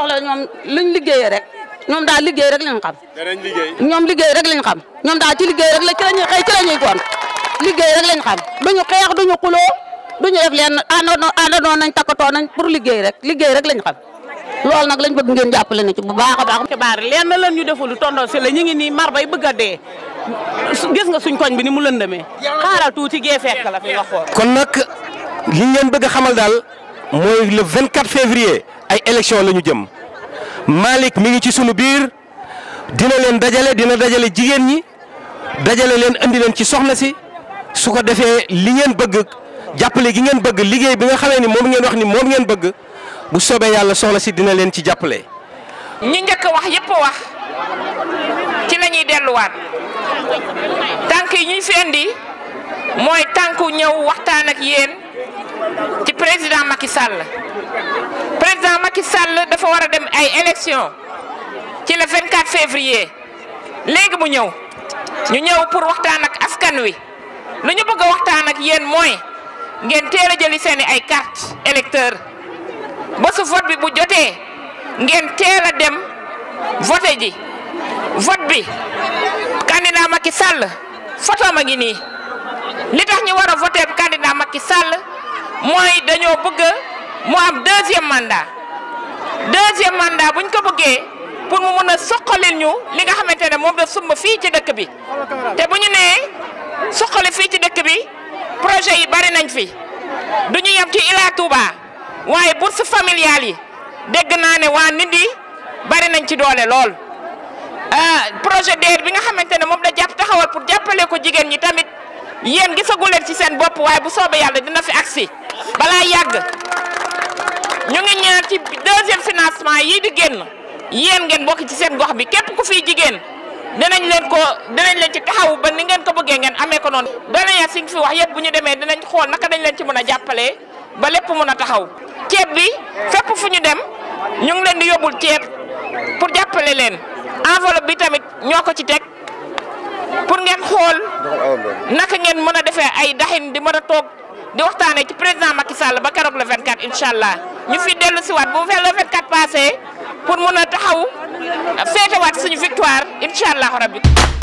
soxla ñoom luñ liggéeyee rek ñoom daal liggéey rek lañ xam. danañ liggéey rek lañ xam ñoom daal ci liggéey rek la ci la ñuy xëy ci la ñuy du liggéey rek lañ xam duñu xeex duñu xuloo duñu def leen àndandoo àndandoo nañ takkatoo nañ pour liggéey rek liggéey rek lañ xam. loolu nag lañ bëgg ngeen jàppale na ci bu baax a baax. xibaar yi lenn leen ñu deful tonton si la ñu ngi nii mar bay bëgg a dee gis nga suñ koñ bi ni mu lëndamee xaaral tuuti gee fekk la fi nga xool. kon nag li ngeen bëgg a xamal daal mooy le 24 février ay élection la ñu jëm. Malick mi ngi ci sunu biir dina leen dajale dina dajale jigéen ñi dajale leen indi leen ci soxna si su ko defee li ngeen bëgg jàppale gi ngeen bëgg liggéey bi nga xamee ni moom ngeen wax ni moom ngeen bëgg bu soobee yàlla soxna si dina leen ci jàppale. ñi njëkk wax yëpp wax ci la ñuy delluwaat tànk yi ñu fi indi mooy tànk ñëw waxtaan ak yéen ci président Macky Sall Macky Sall dafa war a dem ay élection ci le 24 février léegi mu ñëw ñu ñëw pour waxtaan ak askan wi lu ñu bëgg a waxtaan ak yéen mooy ngeen teel a jëli seeni ay carte électeur ba su vote bi bu jotee ngeen teel a dem vote ji vote bi candidat Macky sàll photo ma ngi nii li tax ñu war a voté candidat Macky Sall mooy dañoo bëgg mu am deuxième mandat deuxième mandat buñ ko bëggee pour mu mën a soqalil ñu li nga xamante ne moom la sumb fii ci dëkk bi te bu ñu nee soqali fii ci dëkk bi projet yi bari nañ fi du ñu yem ci Ila Touba waaye bourse familiale yi dégg naa ne waa Ndindy bari nañ ci doole lool euh, projet DER bi nga xamante ne moom la jàpp taxawal pour jàppale ko jigéen ñi tamit yéen gisagu leen ci seen bopp waaye bu soobee yàlla dina fi agsi balaa yàgg. ñu ngi ñaan ci deuxième financement yii di génn yéen ngeen bokk ci seen gox bi képp ku fiy jigéen dinañ leen ko dinañ leen ci taxaw ba ni ngeen ko bëggee ngeen amee ko noonu. doléance ya si fi wax yëpp bu ñu demee dinañ xool naka dañ leen ci mën a jàppalee ba lépp mën a taxaw ceeb bi fépp fu ñu dem ñu ngi leen di yóbbul ceeb pour jàppale leen enveloppe bi tamit ñoo ko ci teg. pour ngeen xool naka ngeen mën a defee ay daxin di mën a toog di waxtaanee ci président Macky Sall ba keroog le 24 incha allah ñu fi dellu si waat bu fe le 24 passé pour mun a taxaw féetewaat suñu victoire incha allah rabbi